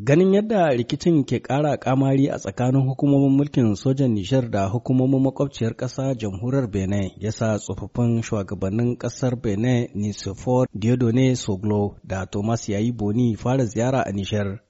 Ganin yadda rikicin ke ƙara ƙamari a tsakanin hukumomin mulkin sojan Nijar da hukumomin makwabciyar ƙasa jamhuriyar Benin ya sa tsofaffin shugabannin ƙasar Benin Nisifor Diodone Soglo da Thomas Yayi Boni fara ziyara a Nijar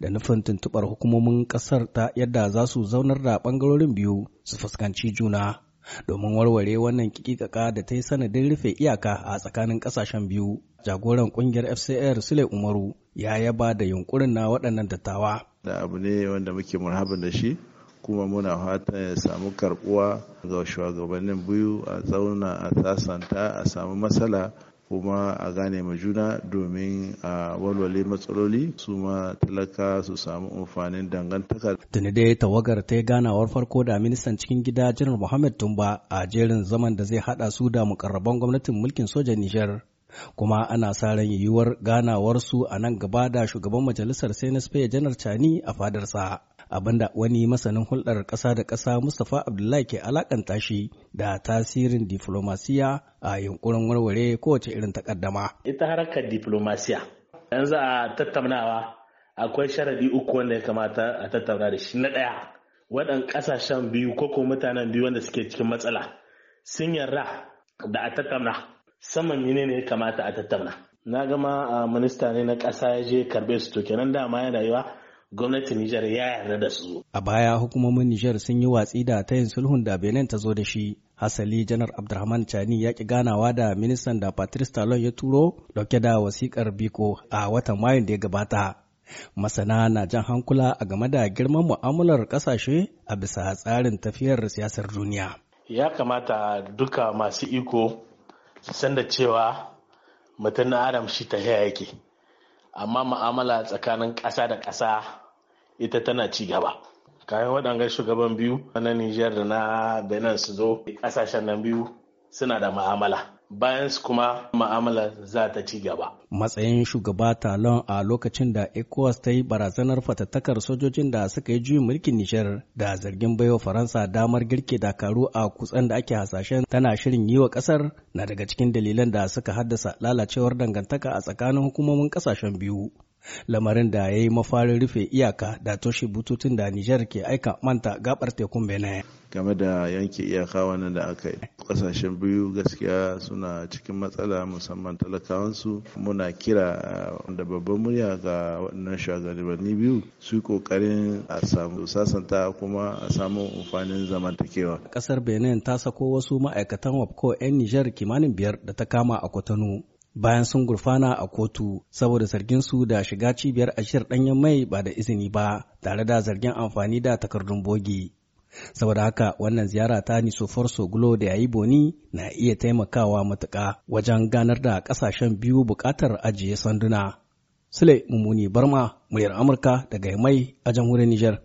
da nufin tuntuɓar hukumomin ƙasar ta yadda za su zaunar da ɓangarorin biyu su fuskanci juna. domin warware wannan kikikaka da ta yi sanadin rufe iyaka a tsakanin kasashen biyu jagoran kungiyar fcr sule umaru ya yaba da yunkurin na waɗannan dattawa da abu ne wanda muke murhaban da shi kuma muna fata ya samu karbuwa ga shugabannin biyu a zauna a sasanta a samu matsala kuma a gane ma juna domin a walwale matsaloli su ma talaka su samu amfanin dangantaka. Tuni dai tawagar ta yi ganawar farko da ministan cikin gida janar Muhammad Tumba a jerin zaman da zai hada su da mukarraban gwamnatin mulkin sojan Nijar. kuma ana sa ran yiwuwar ganawarsu a nan gaba da shugaban majalisar Senate janar cani a fadarsa. abinda wani masanin hulɗar ƙasa da ƙasa Mustapha Abdullahi ke alakanta shi da tasirin diflomasiya a yunkurin warware kowace irin takaddama. Ita harkar diflomasiya, yanzu za a tattaunawa akwai sharadi uku wanda ya kamata a tattauna da shi. Na ɗaya, waɗan ƙasashen biyu ko ko mutanen biyu wanda suke cikin matsala sun yarda da a tattauna saman ne ya kamata a tattauna na gama a minista ne na ƙasa ya je karbe su to kenan dama ya rayuwa gwamnatin Nijar ya yarda da su. A baya hukumomin Nijar sun yi watsi da ta yin sulhun da Benin ta zo da shi. Hasali Janar Abdurrahman Chani ya ki ganawa da ministan da Patrice Talon ya turo dauke da wasikar Biko a watan Mayun da ya gabata. Masana na jan hankula a game da girman mu'amalar ƙasashe a bisa tsarin tafiyar siyasar duniya. Ya kamata duka masu iko san da cewa mutum na adam shi ta yake amma ma'amala tsakanin ƙasa da ƙasa ita tana ci gaba kayan waɗanga shugaban biyu na nijar da na benin su zo ƙasashen nan biyu suna da ma'amala bayan su kuma ma'amala za ta ci gaba. Matsayin shugaba Talon a lokacin da ECOWAS ta yi barazanar fatattakar sojojin da suka yi juyin mulkin Nijar da zargin baiwa Faransa damar girke dakaru a kutsen da ake hasashen tana shirin yi wa kasar na daga cikin dalilan da suka haddasa lalacewar dangantaka a tsakanin hukumomin kasashen biyu. lamarin da ya yi mafarin rufe iyaka da toshe bututun da Nijar ke aika manta gabar tekun Benin. Game da yanke iyaka wannan da aka yi. Kasashen biyu gaskiya suna cikin matsala musamman talakawansu muna kira uh, da babban murya ga waɗannan shugabanni biyu su kokarin a samu sasanta kuma a samu amfanin zamantakewa. Ƙasar Benin ta sako wasu ma'aikatan WAPCO 'yan Nijar kimanin biyar da ta kama a Kotonu. bayan sun gurfana a kotu saboda zargin su da shiga cibiyar ashirar ɗanyen mai ba da izini ba tare da zargin amfani da takardun bogi. Saboda haka wannan ziyara ta Nisofar Sogulo da yayi boni na iya taimakawa matuka. wajen ganar da ƙasashen biyu buƙatar ajiye sanduna. Sule Mummuni Barma, muryar Amurka daga mai a jamhuriyar Nijar.